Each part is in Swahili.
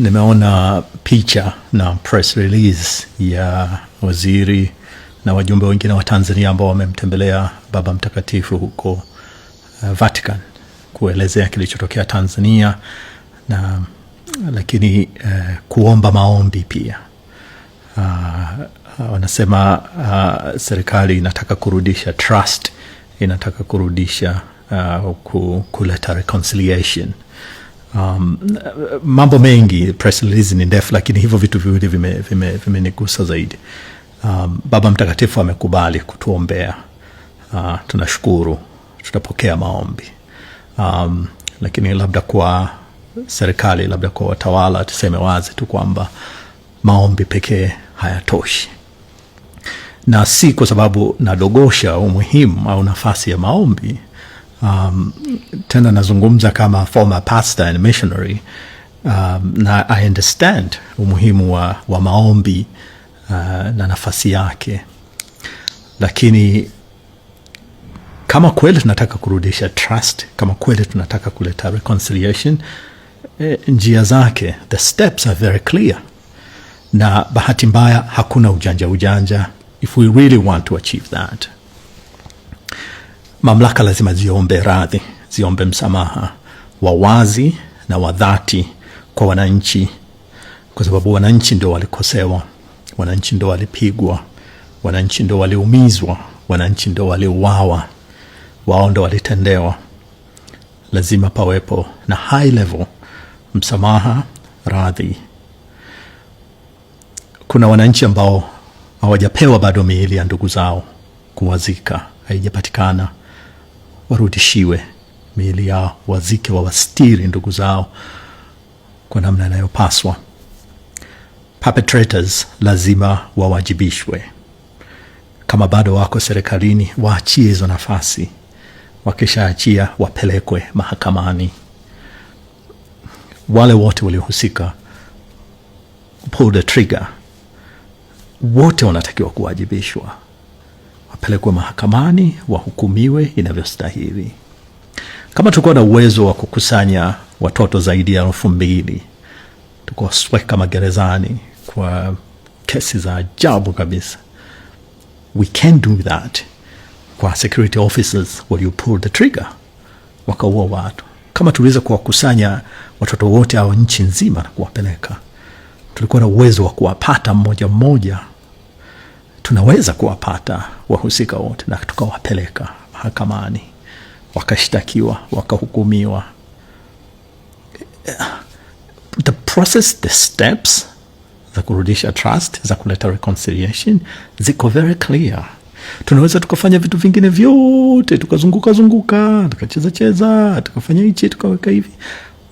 Nimeona picha na press release ya waziri na wajumbe wengine wa Tanzania ambao wamemtembelea Baba Mtakatifu huko uh, Vatican kuelezea kilichotokea Tanzania na lakini uh, kuomba maombi pia uh, uh, wanasema uh, serikali inataka kurudisha trust, inataka kurudisha uh, kuleta reconciliation Um, mambo mengi, press release ni ndefu, lakini hivyo vitu viwili vimenigusa vime zaidi. Um, Baba Mtakatifu amekubali kutuombea. Uh, tunashukuru, tutapokea maombi um, lakini labda kwa serikali, labda kwa watawala, tuseme wazi tu kwamba maombi pekee hayatoshi, na si kwa sababu nadogosha umuhimu au nafasi ya maombi um, tena nazungumza kama former pastor and missionary um, na I understand umuhimu wa, wa maombi uh, na nafasi yake, lakini kama kweli tunataka kurudisha trust, kama kweli tunataka kuleta reconciliation eh, njia zake, the steps are very clear, na bahati mbaya hakuna ujanja ujanja if we really want to achieve that Mamlaka lazima ziombe radhi, ziombe msamaha wa wazi na wa dhati kwa wananchi, kwa sababu wananchi ndio walikosewa, wananchi ndio walipigwa, wananchi ndio waliumizwa, wananchi ndio waliuawa, wao ndio walitendewa. Lazima pawepo na high level msamaha, radhi. Kuna wananchi ambao hawajapewa bado miili ya ndugu zao kuwazika, haijapatikana warudishiwe miili yao, wazike, wawastiri ndugu zao kwa namna inayopaswa. Perpetrators lazima wawajibishwe. Kama bado wako serikalini, waachie hizo nafasi. Wakishaachia wapelekwe mahakamani. Wale wote waliohusika, pull the trigger, wote wanatakiwa kuwajibishwa wapelekwe mahakamani wahukumiwe inavyostahili. Kama tulikuwa na uwezo wa kukusanya watoto zaidi ya elfu mbili tukawasweka magerezani kwa kesi za ajabu kabisa, we can do that kwa security officers will you pull the trigger, wakaua watu. Kama tuliweza kuwakusanya watoto wote au nchi nzima na kuwapeleka, tulikuwa na uwezo wa kuwapata mmoja mmoja tunaweza kuwapata wahusika wote na tukawapeleka mahakamani wakashtakiwa wakahukumiwa. The process, the steps za kurudisha trust, za kuleta reconciliation ziko very clear. Tunaweza tukafanya vitu vingine vyote, tukazunguka zunguka, tukacheza cheza, tukafanya hichi, tukaweka hivi,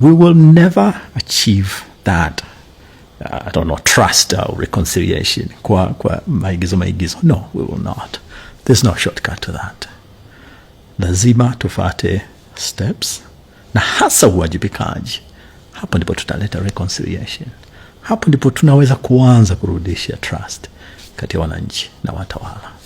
we will never achieve that I don't know, trust or reconciliation kwa, kwa maigizo maigizo. No, we will not. There's no shortcut to that. Lazima tufate steps na hasa uwajibikaji. Hapo ndipo tutaleta reconciliation. Hapo ndipo tunaweza kuanza kurudisha trust kati ya wananchi na watawala.